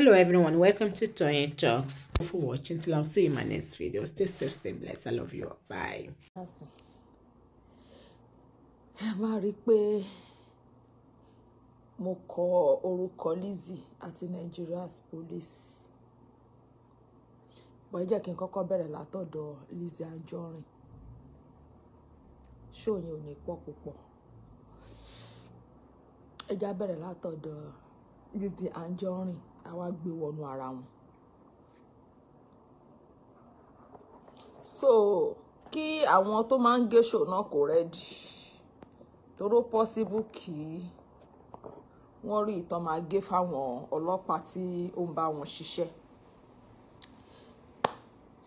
hello everyone welcome to Toyeen Talks Thank you for watching till i'll see you in my next video stay safe stay blessed i love you all. bye. ẹ máa rí i pé mo kọ orúkọ Lizzie àti Nigeria's police bọ́ ẹ jẹ́ kí n kọ́kọ́ bẹ̀rẹ̀ látọ̀dọ̀ Lizzie Anjorin ṣóyin ò ní pọ̀ púpọ̀ ẹ já bẹ̀rẹ̀ látọ̀dọ̀ Lizzie Anjorin ká wá gbé wọnú ara wọn. so kí àwọn tó máa ń gé ṣò náà kò rẹ́dì toró pọ́síbù kí wọ́n rí ìtàn máa gé fáwọn ọlọ́pàá tí ó ń bá wọn ṣiṣẹ́.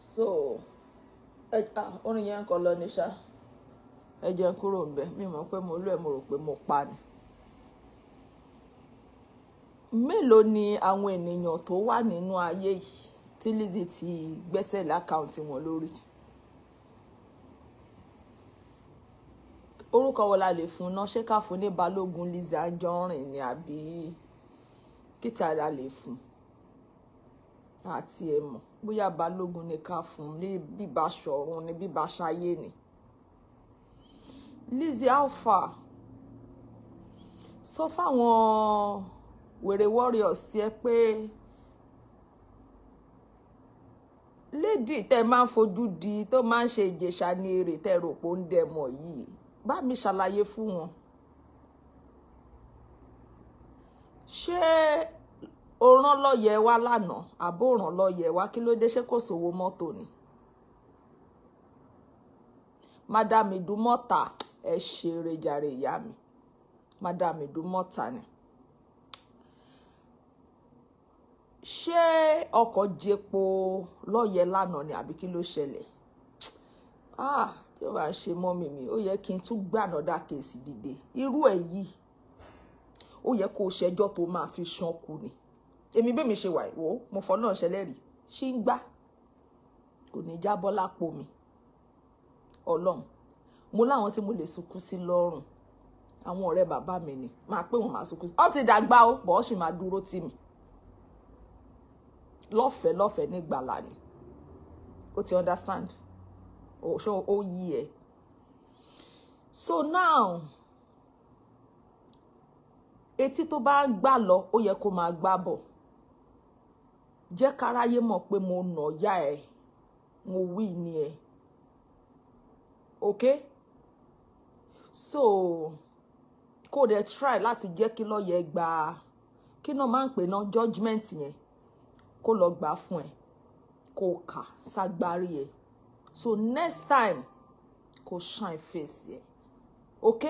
so orin yẹn ń kọ lọ ní ṣá ẹ jẹ́ kúrò ń bẹ̀ mi mọ̀ pé mo lú ẹ̀ mo rò pé mo pa ni mélòó ni àwọn ènìyàn tó wà nínú ayé yìí tí Lizzy ti gbẹ́sẹ̀ lákàùntì wọn lórí orúkọ wo la lè fún náà ṣé ká fún ní balógun Lizzy Anjorin ni àbí kíta la lè fún àti ẹ̀mọ̀ bóyá balógun ni ká fún ní bíbá ṣọ̀run ní bíbá ṣayé ni Lizzy alpha sọ fáwọn wèrè warriors yẹ pé lédì tẹ máa ń fojú di tó máa ń ṣe ìjèṣà ní èrè tẹ rò pé ó ń dẹmọ mi ṣàlàyé fún wọn ṣé o rán lọ́yẹ̀ wá lánàá àbó ràn lọ́yẹ̀ wá kí ló dé ṣé kò sówó ni madam idumota ẹ ṣeré jàre ìyá mi madam idumota ni ṣé ọkọ̀ jẹpo lọ́yẹ̀ lánàá ni àbí kí ló ṣẹlẹ̀ ah tí ó bá ń ṣe mọ́mì mi ó yẹ kí n tún gbànàdà kèsì dìde irú ẹ̀ yìí ó yẹ kó o ṣẹjọ́ tó máa fi ṣanku ni èmi bẹ́mi ṣe wà wò mo fọ́ náà ṣẹlẹ́rìí ṣì ń gbá kò ní jábọ́ lápò mi ọlọ́run mo láwọn tí mo lè sunkún sí lọ́rùn àwọn ọ̀rẹ́ bàbá mi ni máa pé wọn máa sunkún sí ọ́n ti dàgbà ó bọ́ ọ́ sì máa dúró tì mí lọ́fẹ̀ẹ́ lọ́fẹ̀ẹ́ nígbàlà ni ó ti understand ó ṣe ó yí ẹ so now etí tó bá ń gbà lọ ó yẹ kó máa gbà bọ̀ jẹ́ káráyé mọ̀ pé mo nà yá ẹ mo wí ni ẹ ok so kó dẹ try láti jẹ́ kí lọ́ọ̀yẹ gba kí náà máa ń pè ná judgement yẹn kó lọ gbà fún ẹ kó kà ságbárí ẹ so next time kó shine face ẹ ok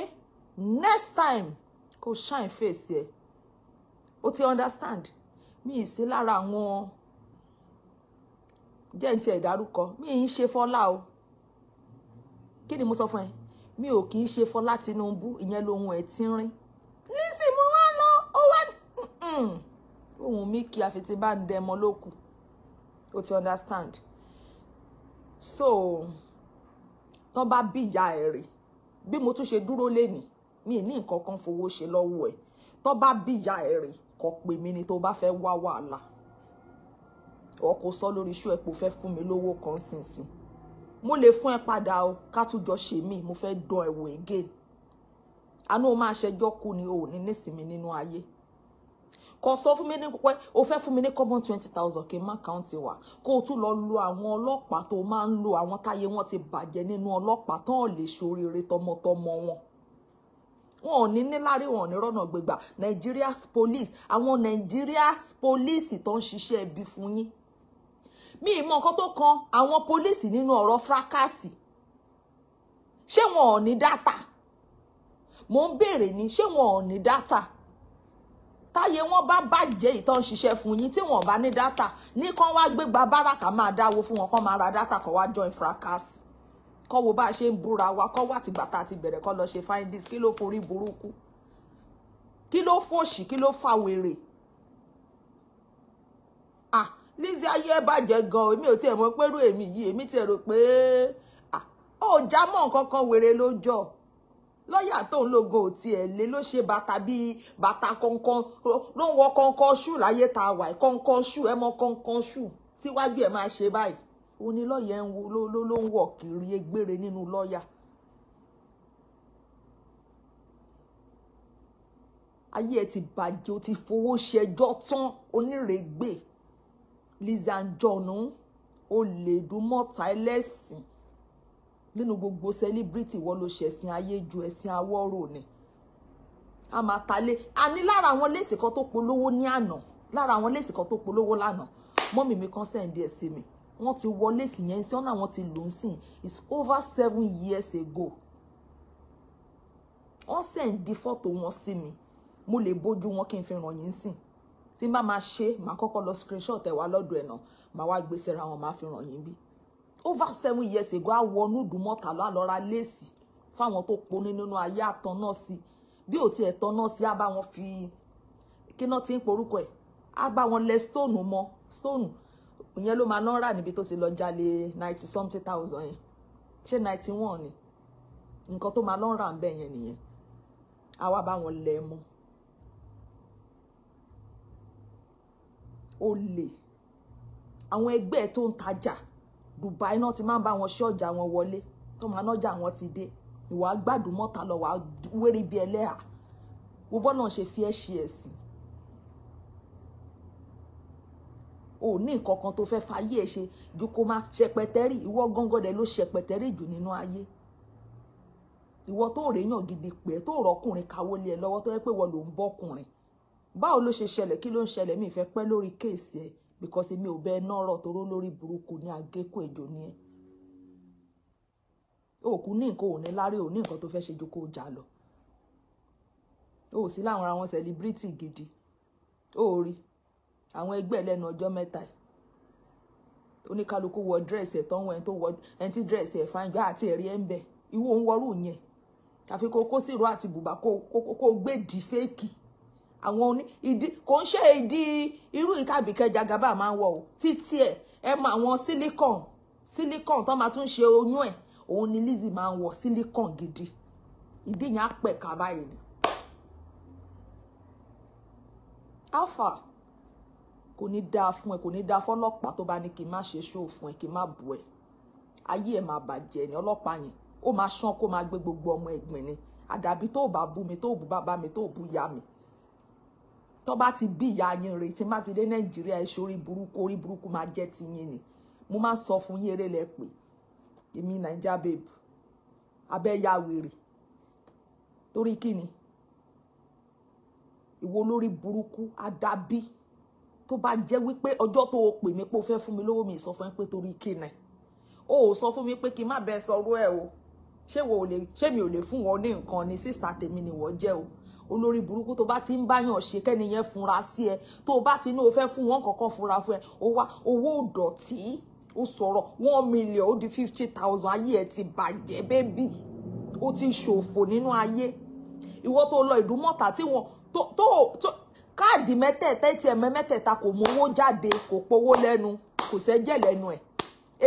next time kó shine face ẹ o ti understand mi ì sí lára àwọn jẹ́ ní ti ẹ̀ dárúkọ mi ì ń ṣe fọlá o kí ni mo sọ fún ẹ mi ò kì í ṣe fọlá Tinubu ìyẹn lohun ẹ̀ tí ń rìn nísìnyí mo wá lọ ó wá òun mí kí àfitì bá ń dẹmọ lókù o ti understand so tán bá bí ìyá ẹ̀ rè bí mo tún ṣe dúró lénìí mi ní nǹkan kan fowó ṣe lọ́wọ́ ẹ̀ tán bá bí ìyá ẹ̀ rè kó pè mí ni tó bá fẹ́ wá wàhálà ọ̀ kò sọ lórí iṣu ẹ̀ kò fẹ́ fún mi lówó kan sínsìn mo lè fún ẹ padà o ká tún jọ ṣe mí mo fẹ́ dán ẹ wò again àánú o máa ṣẹjọ́ kú ni o ò ní nísinmi nínú ayé Ko sọ fún mi ní pé o fẹ́ fún mi ní common twenty thousand kí n má káùntì wá kó o tún lọ lo àwọn ọlọ́pàá tó máa ń lo àwọn táyé wọn ti bàjẹ́ nínú ọlọ́pàá tán lè ṣoríire tọmọtọmọ wọn wọn ò ní níláárí wọn ò ní rọ́nà gbégbà Nigeria police àwọn Nigeria's police tó ń ṣiṣẹ́ ibi fún mi mo nǹkan tó kan àwọn pólíìsì nínú ọ̀rọ̀ fúrákàsì ṣé wọn ò ní dátà mo ń béèrè ni ṣé wọn ò data táyé wọn bá bàjẹ́ ìtàn ṣiṣẹ́ fún yín tí wọn bá ní dátà ní kán wá gbégbá báràkà máa dáwó fún wọn kán máa ra dátà kán wá join fracas kán wo bá a ṣe ń búra wa kán wà tìgbà tá a ti bẹ̀rẹ̀ kán lọ ṣe fine dis kí ló forí burúkú kí ló fòṣì kí ló fa wèrè ah Lizzy ayé ẹ bàjẹ́ gan èmi ò tiẹ̀ mọ̀ pẹ́rù èmi yìí èmi tiẹ̀ rò pé ah ó já mọ́ nǹkan kan wèrè lójọ́ lọ́yà tó ń lo gold tiẹ̀ lé ló ṣe bàtà bíi bàtà kọ̀ọ̀kan ló ń wọ kọ̀ọ̀kan ṣù láyé tá a wà kọ̀ọ̀kan ṣù ẹ mọ kọ̀ọ̀kan ṣù tíwájú ẹ máa ṣe báyìí òun ni lọ́yà ń wo ló ń wọ̀ kiri egbére nínú lọ́yà. ayé ẹ ti bàjẹ́ o ti fowó ṣẹjọ́ tán onírègbè Lizzy Anjorin ẹlẹ́sìn nínú gbogbo celebrity wọ́n ló ṣe ẹ̀sìn ayé ju ẹ̀sìn awọ́rò ni a máa ta lé a ní lára àwọn léèsì kan tó polówó ní àná lára àwọn léèsì kan tó polówó lánàá mọ́mì mi kan sẹ́ǹdì ẹ̀ sí mi wọ́n ti wọ léèsì yẹn sí ọ̀nà àwọn ti lò ó sìn it's over seven years ago wọ́n sẹ́ǹdì fọ́tò wọn sí mi mo lè bójú wọn kí n fi ràn yín sìn tí n bá máa ṣe màá kọ́kọ́ lọ screenshot ẹ̀ wá lọ́dọ̀ ẹ̀ náà màá wá gbé e sẹ́ra wọn màá fi ràn yín bí over seven years ago àwọn onúdùmọ̀tà ló àlọ́ra léèsì fáwọn tó poní nínú ayé àtọ̀ náà sí bí ò tiẹ̀ tọ́ náà sí á bá wọn fi kí náà ti ń porúkọ ẹ̀ á bá wọn lẹ stone mọ stone ìyẹn ló máa ná rà níbi tó ti lọ jalè ninety something thousand yẹn ṣé ninety one ni nǹkan tó máa ná rà ń bẹ̀ yẹn nìyẹn á wá bá wọn lẹ mọ́ olè àwọn ẹgbẹ́ tó ń Dubai náà ti máa ń bá wọn ṣe ọjà wọn wọlé tó máa nájà wọn ti dé ìwà gbádùn mọ́ta lọ wà wéré bí ẹlẹ́hà wo bọ́nà ṣe fi ẹ́ ṣe ẹ̀sìn o ní nǹkan kan tó fẹ́ fayé ẹ ṣe ju kó má ṣẹpẹtẹ́rì ìwọ gọ́ngọ́dẹ̀ ló ṣẹpẹtẹ́rì jù nínú ayé ìwọ tó rèéyàn gidi pẹ́ tó rọkùnrin kawó lé ẹ lọ́wọ́ tó yẹ pé wọ́n ló ń bọ́kùnrin báwo ló ṣe ṣẹlẹ̀ kí ló ń ṣẹlẹ̀ mi ìfẹ́ pẹ́ lórí kéèsì ẹ̀ because èmi ò bẹ́ẹ̀ náà rọ̀ toró lórí burúkú ní agékò èjò ni ẹ́ òkú ní nǹkan ò ní lárí ò ní nǹkan tó fẹ́ ṣe ju kó o jà lọ o ò sí láwọn ara wọn sẹlẹbírítì gidi o ò rí àwọn ẹgbẹ́ lẹ́nu ọjọ́ mẹ́ta ẹ̀ oníkálukú wọ dírẹ̀sì ẹ̀ tọ́wọ́ ẹni tó wọ ẹni tí dírẹ̀sì ẹ̀ fáńgbá àti ẹ̀rí ẹ̀ ń bẹ̀ ìwọ ń wọrú yẹn àfi kó kó sírò àti bùbá kó kó gbèdì àwọn oní ìdí kò ń ṣe ìdí irú ìkàbíkẹ́ jagaba máa ń wọ̀ o títí ẹ̀ ẹ mọ àwọn silicon silicon tó máa tún ṣe oyún ẹ̀ òun ni Lizzy máa ń wọ̀ silicon gidi ìdí yẹn á pẹ̀ka báyìí ni. alpha kò ní dáa fún ẹ kò ní dáa fún ọlọ́pàá tó bá ní kí n má ṣe ṣó fún ẹ kí n má bú ẹ ayé ẹ máa bàjẹ́ ni ọlọ́pàá yẹn ó máa ṣán kó máa gbé gbogbo ọmọ ẹ̀gbìn ni àdàbí tó bá bú mi tó bú bàbá mi tó bú ìyá mi tó bá ti bí ìyá yín rè tí má ti dé nàìjíríà ẹ ṣorí burúkú orí burúkú máa jẹ́ ti yín ni mo máa sọ fún yín eré lẹ́pẹ́ èmi naija babe abẹ́yà wèrè torí kí ni ìwo lórí burúkú adábí tó bá jẹ́ wípé ọjọ́ tó o pè mí pé o fẹ́ fún mi lówó mi sọ fún mi pé torí kí ni o ò sọ fún mi pé kí n má bẹ sọ̀rọ̀ ẹ o ṣé mi ò lè fún wọn ní nǹkan ni sísà tèmi ni wọ́n jẹ́ o olórí burúkú tó bá ti ń báyàn ṣe kẹ́ni yẹn funra sí ẹ tó bá ti ní o fẹ́ fún wọn kọ̀ọ̀kan funra fún ẹ ó wá owó ìdọ̀tí ó sọ̀rọ̀ one million ó di fifty thousand ayé ẹ ti bàjẹ́ bébì ó ti ṣòfò nínú ayé ìwọ tó lọ ìdúmọ̀tà tí mete tó tó káàdì mẹ́tẹ̀ẹ̀ta atm mẹ́tẹ̀ẹ̀ta kò mówó jáde kò powó lẹ́nu kò sẹ́jẹ̀ lẹ́nu ẹ̀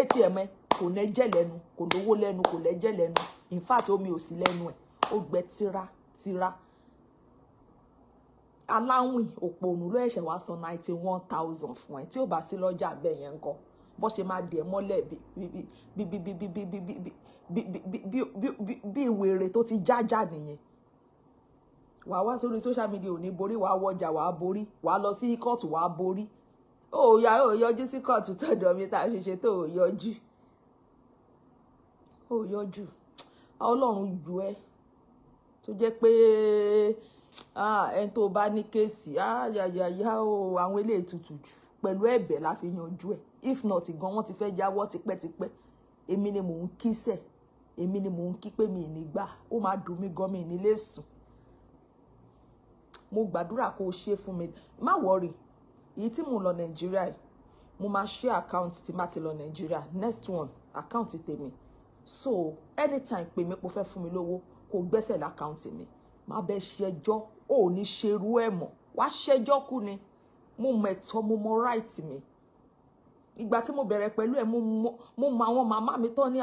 atm kò nẹ́jẹ̀ lẹ́nu kò lówó lẹ́nu kò lẹ́jẹ̀ lẹ́nu in fact o mi o si lẹ́nu ẹ̀ ó gbẹ tira tira aláwìn òpònú ló ẹ̀ṣẹ̀ wá san ninety one thousand fún ẹ tí ò bá sí lọ́jà bẹ́ẹ̀ yẹn ń kọ́ bó ṣe máa dẹ̀ mọ́lẹ̀ bí wèrè tó ti jájà nìyẹn wàá wá sórí social media ò ní borí wàá wọjà wàá borí wàá lọ sí kóòtù wàá borí ó yá ó yọjú sí kóòtù tọ̀dọ̀ mi tá a ṣe ṣe tó ò yọjú ó yọjú ọlọ́run jù ẹ́ tó jẹ́ pé Ah, ẹni tó bá ní kéèsì ah, yáyáyá o àwọn eléyìí tutù jù pẹ̀lú ẹ̀bẹ̀ la fi yanjú ẹ̀ if not gan wọ́n ti fẹ́ jáwọ́ tipẹ́tipẹ́ èmi ni mò ń kísẹ̀ èmi ni mò ń kí pé mi ì ní gbà ó máa dùn mí gan mi ì ní lè sùn mo gbàdúrà kó o ṣe fún mi má wọrí èyí tí mo lọ nàìjíríà yìí mo máa ṣe account tí má ti lọ nàìjíríà next one account tèmi so anytime pè mí pé o fẹ́ fún mi lówó kó gbẹ́sẹ̀ lákàùntì mi má bẹ ṣẹjọ́ ò ní ṣerú ẹ̀ mọ́ wá ṣẹjọ́ kú ni mo mẹ̀tọ́ mo mọ right mi ìgbà tí mo bẹ̀rẹ̀ pẹ̀lú ẹ̀ mo mọ àwọn màmá mi tán ní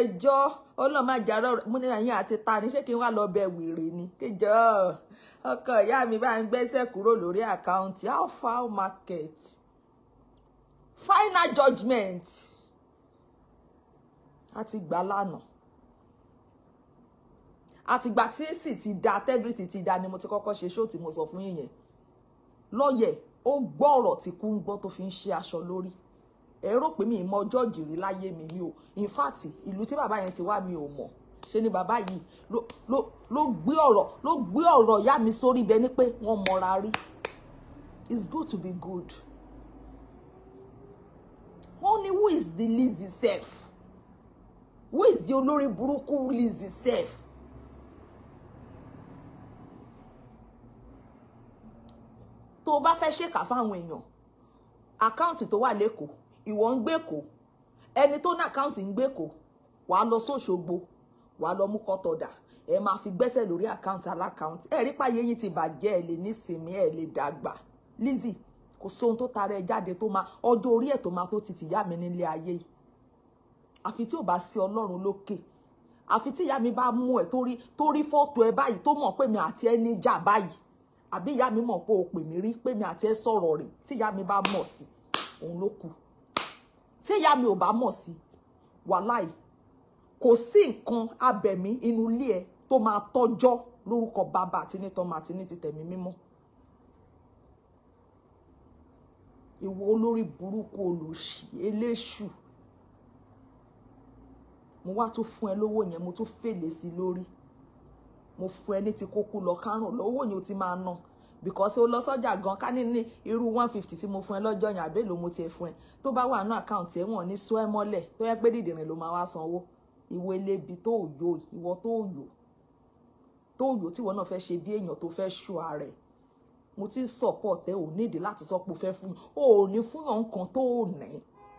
ẹjọ́ ọlọ́màjàrọ̀ mo ní àyín àti ta ni ṣé kí n wá lọ bẹ wèrè ni kéjọ ọkọ ìyá mi bá ń gbẹ́sẹ̀ kúrò lórí àkáǹtì alpha market final judgment. a ti gbà àtìgbà tí sì ti da tẹ́bìrìtì ti da ni mo ti kọ́kọ́ ṣe ṣó tí mo sọ fún yìnyẹn lọ́yẹ̀ ó gbọ́ ọ̀rọ̀ tí kú ń gbọ́ tó fi ń ṣe aṣọ lórí ẹ pé mi ì mọ jọ́ọ̀jì rí láyé mi mi ò in fact ìlú tí bàbá yẹn ti wá mi ò mọ̀ ṣe ni bàbá yìí ló gbé ọ̀rọ̀ ló gbé ọ̀rọ̀ ìyá mi sórí ibẹ̀ ni pé wọ́n mọra rí it's good to be good wọ́n ní who is the lazy self who is the olórí burúkú lazy self tó o bá fẹ́ ṣèkà fáwọn èèyàn àkáǹtì tó wà lẹ́kọ̀ọ́ ìwọ ń gbẹ́kọ̀ọ́ ẹni tó ní àkáǹtì ń gbẹ́kọ̀ọ́ wàá lọ sóṣogbo wàá lọ mú kọ́tọ̀dà ẹ máa fi gbẹ́sẹ̀ lórí àkáǹtì alákáǹtì ẹ̀rí páyé yín ti bàjẹ́ ẹ̀ lè nísìmí ẹ̀ lè dàgbà Lizzy kò sóhun tó tara ẹ jáde tó máa ọjọ́ orí ẹ̀ tó máa tó ti tìyá mi nílé ayé yìí àfi tí ò bá sí ọlọ́run lókè àfi tí ìyá mi bá mú ẹ torí torí fọ́tò ẹ báyìí tó mọ̀ pé mi àti ẹni jà báyìí àbí ìyá mi mọ̀ pé o pè mí rí pé mi àti ẹ sọ̀rọ̀ rẹ̀ tí ìyá mi bá mọ̀ sí òun ló kù tí ìyá mi ò bá mọ̀ sí wàláì kò sí nǹkan abẹ̀mí inú ilé ẹ tó máa tọ́jọ́ lórúkọ bàbá àti nítorí àti ní ti tẹ̀mí mímọ́ ìwọ olórí burúkú olòṣì eléṣù mo wá tún fún ẹ lówó yẹn mo tún fèlè sí lórí mo fún ẹni tí kókú lọ kárùn lówó yìí ó ti máa ná because ó lọ sọ́jà gan ká ní ní irú one fifty tí mo fún ẹ lọ́jọ́ yẹn àbẹ́lò mo tiẹ̀ fún ẹ tó bá wà ní àkáǹtì ẹ wọ́n ní sọ ẹ mọ́lẹ̀ tó yẹ pé dìdìrín ló máa wá sanwó ìwé lébi tó yò ìwọ tó yò tó yò tíwọ náà fẹ́ ṣe bí èèyàn tó fẹ́ ṣù ààrẹ mo ti support ẹ ò nídìí láti sọ pé o fẹ́ fún o ò ní fún yàn nǹkan tó ò ní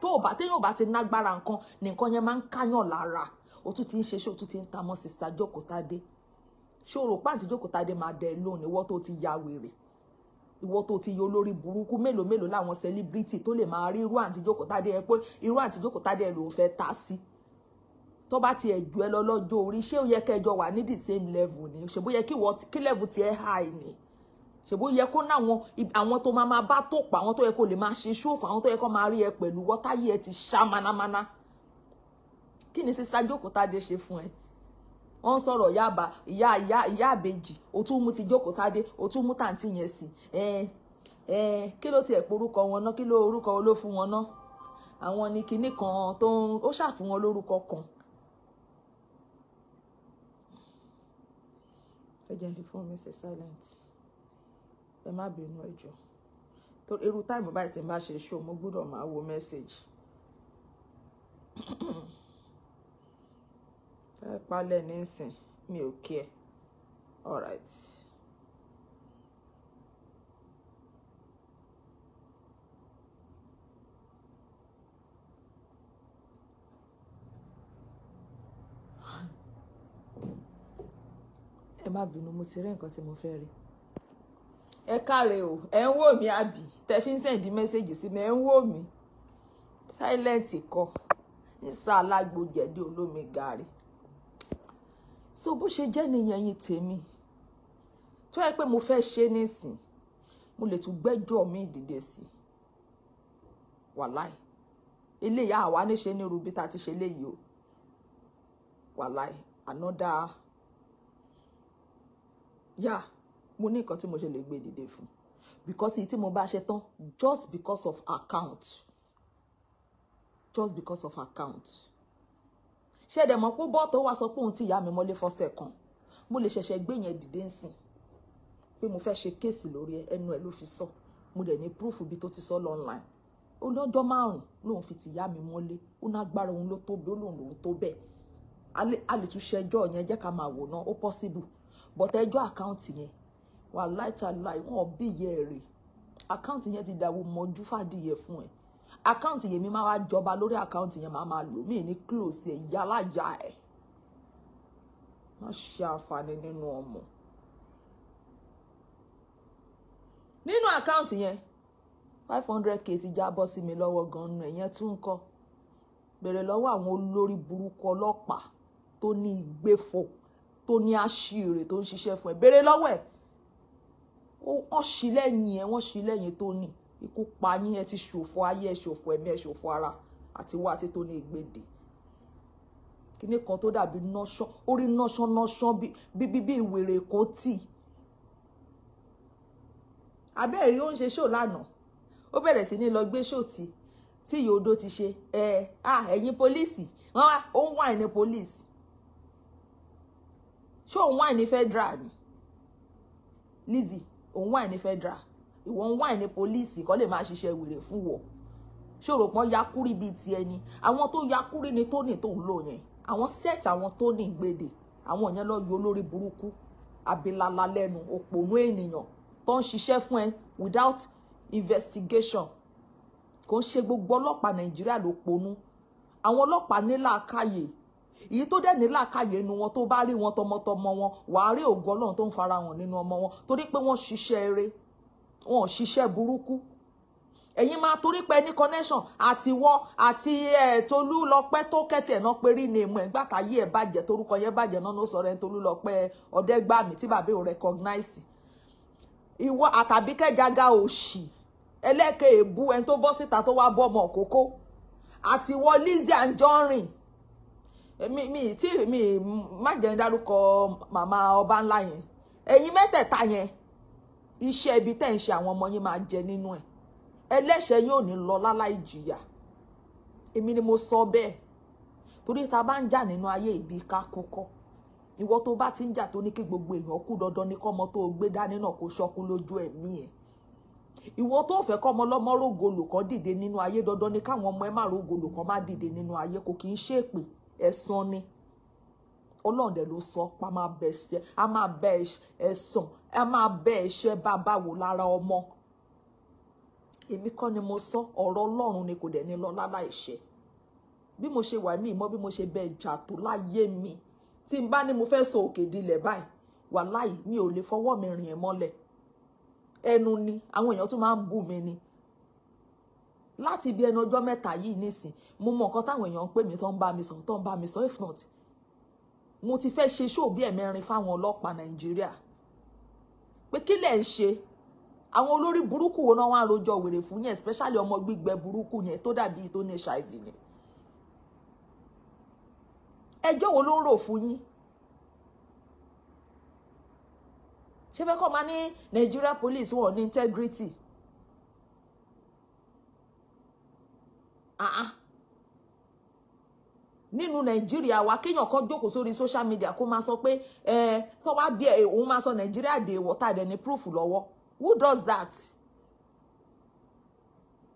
tó o bá téèyàn bá ti nágbára nǹkan nìkan yẹn máa ń káyàn lára o ti ń ṣe ṣé o ti ń tamọ́ sista jókòó tá dé ṣé o rò páǹtí jókòó tade máa dẹ lóhùn ìwọ tó ti ya wèrè ìwọ tó ti yọ olórí burúkú mélòó mélòó láwọn sẹlíbírìtì tó lè máa rí irú àǹtí jókòó tade ẹ pé irú àǹtí jókòó tade ẹ lòún fẹ́ ta sí tó bá ti ẹ̀jú ẹ lọ lọ́jọ́ orí ṣé ó yẹ kẹjọ wà ní the same level ni ṣèbó yẹ kí level ti high ni ṣèbó yẹ kó náwọn àwọn tó máa máa bá tó pa àwọn tó yẹ kó lè máa ṣe ṣòfò àwọn tó yẹ kó máa rí ẹ pẹ̀lú wọ́táyé ẹ ti ṣá manamana kí ni sísá jókòó tade ṣe fún ẹ wọ́n ń sọ̀rọ̀ ya ya ìyá ìyá ìyá àbèjì ó tún mú ti jókòó tádé ó tún mú tàǹtì yẹn sí kí ló tiẹ̀ porúkọ wọn ná kí ló orúkọ ló fún wọn ná àwọn ni kinní kan tó ń ó ṣàfún wọn lórúkọ kan. ẹ jẹ́ kí fóònù mi ṣe silent ẹ má bínú ẹ jọ̀ọ́ irú táìmù báyìí tí n bá ṣe ṣó mo gbọ́dọ̀ máa wo mẹ́sàgì. ẹ palẹ̀ nísìn mi ò kí ẹ all right. ẹ má bínú mo ti rí nǹkan tí mo fẹ́ rí ẹ káre o ẹ ń wò mí àbí tẹ fi ń sẹ́ndí mẹ́sẹ̀gì sí mi ẹ ń wò mí silent kọ ní sáà jẹ̀dí olómi gàrí so bó ṣe jẹ́ nìyẹn yín tèmi tó yẹ pé mo fẹ́ ṣe nísìn mo lè tún gbẹ́jọ́ mi dìde sí i wàláì eléyà àwa níṣe ní rubí tá a ti ṣe léyìí o wàláì ànádà yá mo ní nǹkan tí mo ṣe lè gbé dìde fún because èyí tí mo bá ṣe tán just because of account just because of account ṣẹ̀dẹ̀ mọ̀ pé bọ́ọ̀tọ̀ wá sọ pé òun ti ìyá mi mọ́lé fọ́sẹ̀ kan mo lè ṣẹ̀ṣẹ̀ gbé yẹn dìde ń sìn pé mo fẹ́ ṣe kéèsì lórí ẹnu ẹ̀ ló fi sọ mo dẹ̀ ní púrúfù bí tó ti sọ lọ́nlàn ó lọ́jọ́ márùn-ún lòun fi tìyá mi mọ́lé ó nágbára òun ló tó bí ó lòun lòun tó bẹ́ẹ̀ a lè tún ṣẹjọ́ yẹn jẹ́ ká máa wò ná ó possible but ẹjọ́ àkáǹtì yẹn wà láìta láì wọ́n bí ìyẹ́ rè àkáǹtì yẹn ti dàwó mọ́jú fàdíyẹ fún ẹ̀ àkáǹtì yèmí máa wá jọba lórí àkáǹtì yẹn máa máa lò mí ní close ẹ̀ yálàyà ẹ̀ má ṣe àǹfààní nínú ọmọ nínú àkáǹtì yẹn five hundred k ti jábọ́ sí mi lọ́wọ́ gan-an ẹ̀yẹn tún ń kọ́ bẹ̀rẹ̀ lọ́wọ́ àwọn olórí burúkú ọlọ́pàá tó ní ìgbéfò tó ní àṣírí tó ń ṣiṣẹ́ fún ẹ bẹ̀rẹ̀ lọ́wọ́ ẹ̀ wọ́n ṣí lẹ́yìn ẹ wọ́n ṣí lẹ́yìn tó ní ikú pa yín ẹ ti ṣòfò ayé ẹ ṣòfò ẹ̀mí ẹ ṣòfò ara àti wá àti tó ní ìgbèdè kíní kan tó dàbí nọ́ṣọ́ orí nọ́ṣọ́ nọ́ṣọ́ bí bí ìwèrè kò tì abẹ́rẹ́ ó ń ṣe ṣó lánàá ó bẹ̀rẹ̀ sí ní lọ gbé ṣó tí tí yòódó ti ṣe ẹ à ẹ̀yin pólíìsì wọ́n wá ó ń wà ní pólíìsì ṣó òun wà ní federal ni Lizzy òun wà ní federal ìwọ ń wáìnì pólíìsì kọ́ lè máa ṣiṣẹ́ wèrè fún wọ ṣòro pọ́n yakúrí bíi ti ẹni àwọn tó yakúrí ni tóní tó ń lò yẹn àwọn set àwọn tóní gbèdè àwọn yẹn lọ yọ olórí burúkú abilala lẹ́nu òpònú ènìyàn tó ń ṣiṣẹ́ fún ẹ without investigation kò ń ṣe gbogbo ọlọ́pàá nàìjíríà ló ponú àwọn ọlọ́pàá ní làákàyè èyí tó dẹ̀ ní làákàyè nu wọn tó bá rí wọn tọmọtọmọ wọn wàá rí ògo ọlọ́run tó ń farahàn nínú ọmọ wọn torí pé wọ́n ṣiṣẹ́ eré wọn ò ṣiṣẹ́ burúkú ẹ̀yin máa torí pé ní connection àti wọ́ àti ẹ̀ tolú lọ́pẹ́ tó kẹ́tì ẹ̀ náà pé rí ni èmọ̀ ẹ̀gbà táyé ẹ̀ bàjẹ́ torúkọ yẹn bàjẹ́ náà ló sọ̀rọ̀ ẹ̀ tolú lọ́pẹ́ ọ̀dẹ́gbàmí tí bàbá ò recognize ìwọ àtàbí kẹjàgà òṣì ẹlẹ́kẹ̀ èbú ẹni tó bọ́ síta tó wá bọ́ ọmọ òkókó àti wọ Lizzy Anjorin mi mi tí mi má jẹ́ ń dárúkọ màmá ọba ńlá yẹn ẹ̀yin mẹ́tẹ̀ẹ̀ta yẹn iṣẹ́ ibi tẹ́ ń ṣe àwọn ọmọ yín máa jẹ nínú ẹ̀ ẹlẹ́ṣẹ̀ yóò ní lọ láláì jìyà èmi ni mo sọ bẹ́ẹ̀ torí ta bá ń jà nínú ayé ìbí ká kókọ́ ìwọ tó bá ti ń jà tó ní kí gbogbo èèyàn kú dandan ní kọ́mọ tó gbé dání náà kó ṣọkú lójú ẹ̀mí ẹ̀ ìwọ tó fẹ́ kọ́mọ lọ́mọ dìde nínú ayé ọmọ ẹ má má dìde nínú ayé kò kì í ṣèpè ni ló ẹ máa bẹ ẹ̀ṣẹ̀ bàbá wò lára ọmọ èmi kọ́ ni mo sọ ọ̀rọ̀ Ọlọ́run ni kò dẹ̀ ní lọ láláì ṣe bí mo ṣe wà mí mọ́ bí mo ṣe bẹ ìjà tó láyé mi tí n bá ní mo fẹ́ sọ òkè dilẹ̀ báyìí wàláì mi ò lè fọwọ́ mi rìn ẹ̀ mọ́lẹ̀ ẹnu ni àwọn èèyàn tún máa ń bù mí ni láti bí ẹnu ọjọ́ mẹ́ta yìí nísìn mo mọ nǹkan táwọn èèyàn ń pè mí tó ń bá mi sọ tó ń bá mi sọ if not mo ti fẹ́ ṣe ṣóòbí ẹ̀mẹrin fáwọn ọlọ́pàá Nàìjíríà pé kí lẹ̀ ń ṣe àwọn olórí burúkú wo náà wá rojọ́ wèrè fún yẹn especially ọmọ gbígbẹ burúkú yẹn tó dàbí tó ní hiv ni ẹjọ́ wo ló ń rò fún yín ṣé fẹ́ kọ́ máa ní Nigeria police wọn ní integrity. Uh -uh nínú nàìjíríà wa kéèyàn kan jókòó sórí social media kó máa sọ pé ẹ tó wá bí òun máa sọ nàìjíríà dè wọ tá ní proof lọ́wọ́ who does that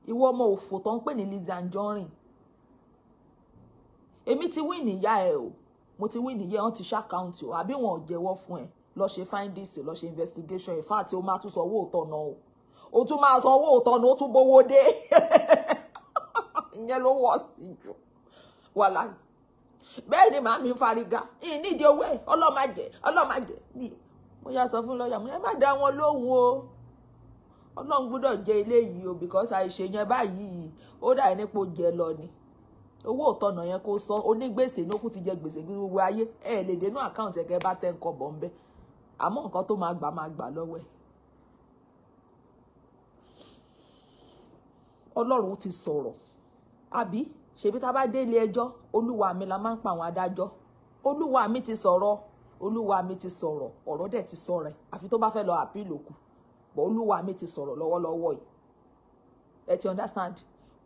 ìwọ ọmọ òfò tó ń pè ní Lizzy Anjorin èmi ti wí níyà ẹ o mo ti wí níyà ẹ wọn ti ṣàkáùntì o àbí wọn ò jẹ́wọ́ fún ẹ lọ ṣe findings lọ ṣe investigation in fact o máa tún sọ owó òótọ́ náà o o tún máa san owó òtọ́nu ó tún gbowó dé ìyẹn ló wọ́ sí jù wàhálà bẹ́ẹ̀ ni màmí ń fariga ìnídìí owó ẹ̀ ọlọ́màjẹ ọlọ́màjẹ bí mo yá sọ fún lọ́ọ̀yà mo yẹ má dá wọn lóhùn o ọlọ́run gbọ́dọ̀ jẹ ilé yìí o because àìṣe yẹn báyìí ó dà ní pò jẹ lọ ni owó òtọ̀nà yẹn kò san onígbèsè ní òkú ti jẹ gbèsè gbogbo ayé ẹ lè dénú àkáǹtì ẹ̀kẹ́ bá tẹ́ ń kọbọ̀ ń bẹ́ àmọ́ nǹkan tó máa gbà máa gbà lọ́wọ́ ẹ̀ ọlọ́run ti sọ̀rọ̀ àbí ṣèbí tá a bá dé ilé mi la máa ń pa àwọn adájọ́ olúwa mi ti sọ̀rọ̀ oluwa mi ti sọ̀rọ̀ ọ̀rọ̀ dẹ̀ ti sọ̀rọ̀ ẹ̀ àfi tó bá fẹ́ lọ àpíl òkú bọ̀ olúwa mi ti sọ̀rọ̀ lọ́wọ́lọ́wọ́ yìí ẹ ti understand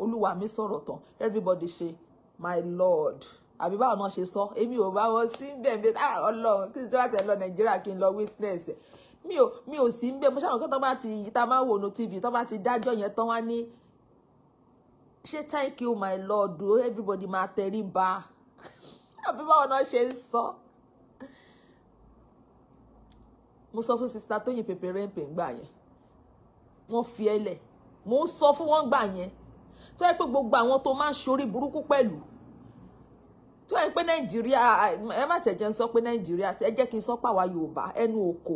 oluwa mi sọ̀rọ̀ tán everybody ṣe my lord àbí báwo náà ṣe sọ èmi ò bá wọn sí bẹ̀ẹ̀bẹ̀ tá ọlọ́run kí n tí wàá tẹ̀ lọ nàìjíríà kí n lọ witness mi ò mi ò sí bẹ́ẹ̀ mo ṣàwọn kí tọ́ bá ti yí tá máa wò no tv tọ́ bá ti dájọ́ yẹn tán wá ní ṣé thank you my lord o everybody máa tẹrí ba àbí báwo náà ṣe ń sọ. mo sọ fún sista Tóyìn pèpè rẹ́ǹpẹ̀ ń gbà yẹn wọ́n fi ẹ lẹ̀ mo ń sọ fún wọn gbà yẹn tó yẹ pé gbogbo àwọn tó máa ń ṣorí burúkú pẹ̀lú tó yẹ pé nàìjíríà ẹ má tẹ̀jẹ̀ ń sọ pé nàìjíríà ẹ jẹ́ kí n sọ pàwá yorùbá ẹnu òkò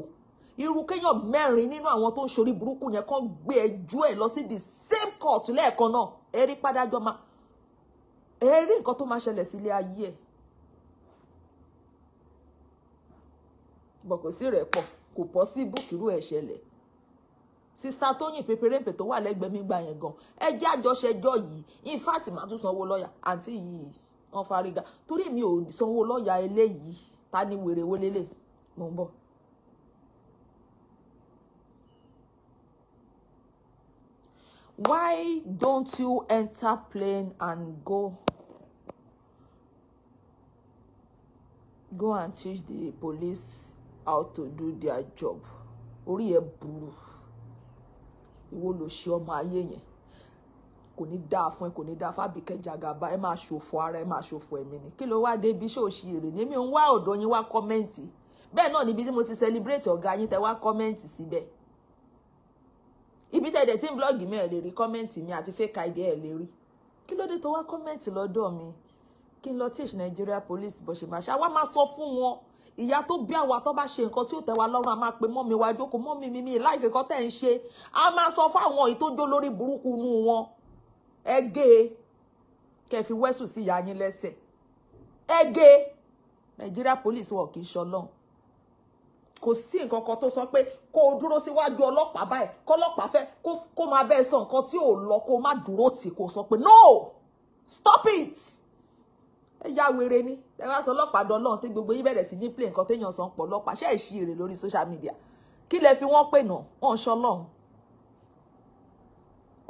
irú kéèyàn mẹ́rin nínú àwọn tó ń ṣorí burúkú yẹn kàn gbé ẹjọ́ ẹ̀ lọ sí the same court lẹ́ẹ̀kan náà erí pádájọ́ máa erí nǹkan tó máa ṣẹlẹ̀ sílé ayé ẹ̀ bọ̀ kò sí rẹ̀ pọ̀ kò pọ̀ sí búkìrú ẹ̀ ṣẹlẹ̀ sista Tóyìn peperempe tó wà lẹ́gbẹ̀ẹ́ mi gbà yẹn gan ẹ àjọṣẹjọ́ yìí in fact màá tún sanwó lọ́ọ̀yà àǹtí yìí wọ́n fariga torí mi ò sanwó lọ́ọ̀yà eléyìí ta ni wèrèwé lélẹ̀ mò ń bọ̀. why don't you enter plane and go go and teach the police how to do their job orí ẹ burú ìwọ ló ṣe ọmọ ayé yẹn kò ní dáa fún ẹ kò ní dáa fábíkẹ́ jagaba ẹ máa ṣòfò ara ẹ máa ṣòfò ẹ̀mí ni kí ló wá débi ṣé òṣì èrè ni èmi ń wá ọ̀dọ̀ yín wá kọ́mẹ́ǹtì bẹ́ẹ̀ náà níbi tí mo ti celebrate ọ̀gá yín tẹ́ wá kọ́mẹ́ǹtì síbẹ̀. Si ibi tẹ̀dẹ̀ tí ń blọ́ọ̀gì mi ẹ̀ lè rí kọ́mẹ́ǹtì mi àti fake idea ẹ̀ lè rí kí ló dé tó wá kọ́mẹ́ǹtì lọ́dọ̀ mi kí n lọ tíṣ Nigeria police bó ṣe máa ṣe àwa máa sọ fún wọn ìyá tó bí àwa tó bá ṣe nǹkan tí ò tẹ́ lọ́rùn a máa pe mọ́mi wa jókòó mọ́mi mi mi láì kẹ́kọ̀ọ́ tẹ̀ ń ṣe a máa sọ fún àwọn èyí tó jó lórí burúkú inú wọn ẹ gé e kẹ́ fi wẹ́sùn sí ìyá yín lẹ́sẹ̀ ẹ gé e Nigeria police wọ̀ kì í ṣọlọ́run kò sí nǹkan kan tó sọ pé kó o dúró síwájú ọlọ́pàá báyìí kọ́lọ́pàá fẹ́ kó máa bẹ́ẹ̀ sọ nǹkan tí ò lọ kó má dúró tì kó sọ pé no stop it ẹ ya wèrè ni ẹ wá sọ ọlọ́pàá dán lọ́hùn tí gbogbo yín bẹ̀rẹ̀ sí ní play nǹkan téèyàn sọ ń pọ̀ ọlọ́pàá ṣe é lórí social media kí lẹ fi wọ́n pè náà wọ́n ṣọ́ lọ́hùn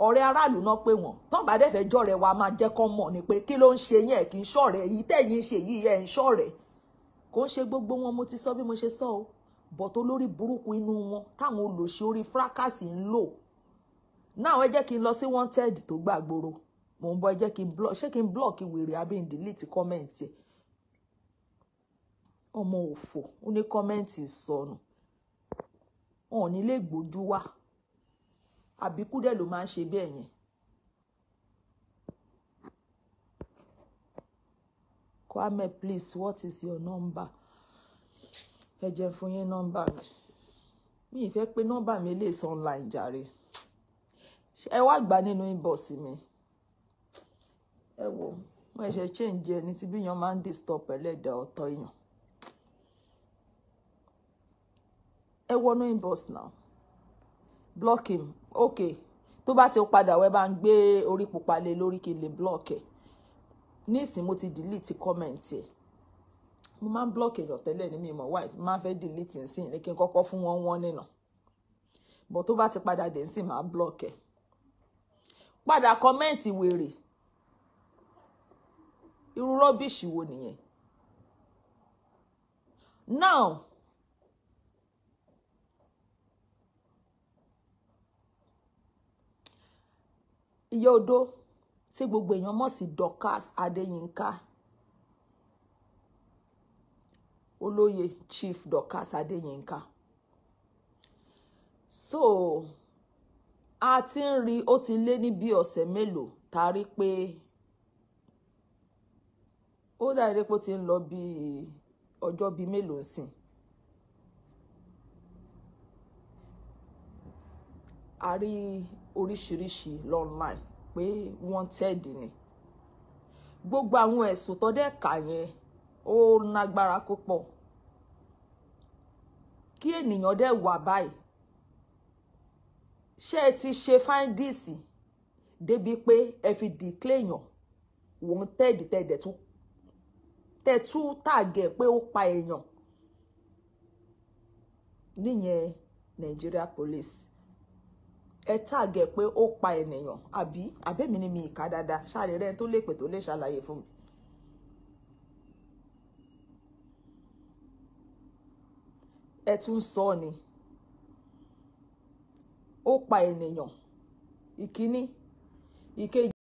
ọ̀rẹ́ aráàlú náà pé wọ́n tán bá dẹ̀fẹ̀ jọ̀rẹ̀ wa máa jẹ́ kán mọ̀ ni pé kí ló ń ṣe yín ẹ̀ kì í ṣọ̀rẹ́ èyí tẹ̀yìn ṣe yìí ẹ̀ ń ṣọ̀rẹ́ kò ń ṣe gbogbo wọn mo ti sọ bí mo ṣe sọ o But lórí burúkú inú wọn táwọn olòṣì orí fúrákàsì ń lò náà ẹ jẹ́ kí n lọ wanted to gbàgbóró mò ń bọ̀ ẹ jẹ́ kí n block ṣé kí n block wèrè àbí n delete comment ẹ̀ ọmọ òfò ó ní comment sọnù wọn ò ní lè gbójú wá àbíkú dẹ̀ ló máa ń ṣe Kwame please what is your number? ẹ jẹ́ fún yín nọ́mbà mi mi ì fẹ́ pé nọ́mbà mi lè san online jàre ẹ wá gbà nínú inbox mi ẹ wò mo ẹ̀ṣẹ̀ change ẹni tí bíyàn máa ń disturb ẹlẹ́dàá ọ̀tọ̀ èèyàn ẹ wọnú inbox now block him okay tó bá ti padà wẹ́ bá ń gbé orí pupa lé lórí kí n lè block ẹ̀ nísìnyí mo ti delete comment ẹ̀ mo máa ń block èèyàn tẹ́lẹ̀ ní mímọ̀ wáyé máa fẹ́ delete nsìn ní kí n kọ́kọ́ fún wọn wọn nínà bọ̀ tó bá ti padà dé nsìn máa block ẹ̀ padà kọ́mẹ́ǹtì wèrè irú rọ́bìṣì wo nìyẹn now ìyá odó tí gbogbo èèyàn mọ̀ sí Dorcas Adéyínká olóyè chief dorcas adéyínká so a ti ń rí ó ti lé ní bí ọ̀sẹ̀ mélòó ta rí pé ó dàrí pé ó ti ń lọ bí ọjọ́ bíi mélòó sìn a rí oríṣiríṣi lọ́nláì pé wọ́n tẹ́ẹ̀dì ni gbogbo àwọn ẹ̀sùn tó kà yẹn ó nágbára púpọ̀ kí ènìyàn dẹ̀ wà báyìí ṣé ẹ ti ṣe fáìndìsì débi pé ẹ fi dìklẹ̀yàn wọ́n tẹ́ẹ̀dì tẹ́ẹ̀dẹ̀ tún tẹ́ẹ̀tú tàgẹ̀ pé ó pa èèyàn níyẹn Nigeria police ẹ tàgẹ̀ pé ó pa ènìyàn àbí àbẹ́mi ni mi ìka dáadáa ṣáà lè rẹ́ni tó lè pè tó lè ṣàlàyé fún mi. ẹ tún sọ ni ó pa ènìyàn ìkíní ìkejì.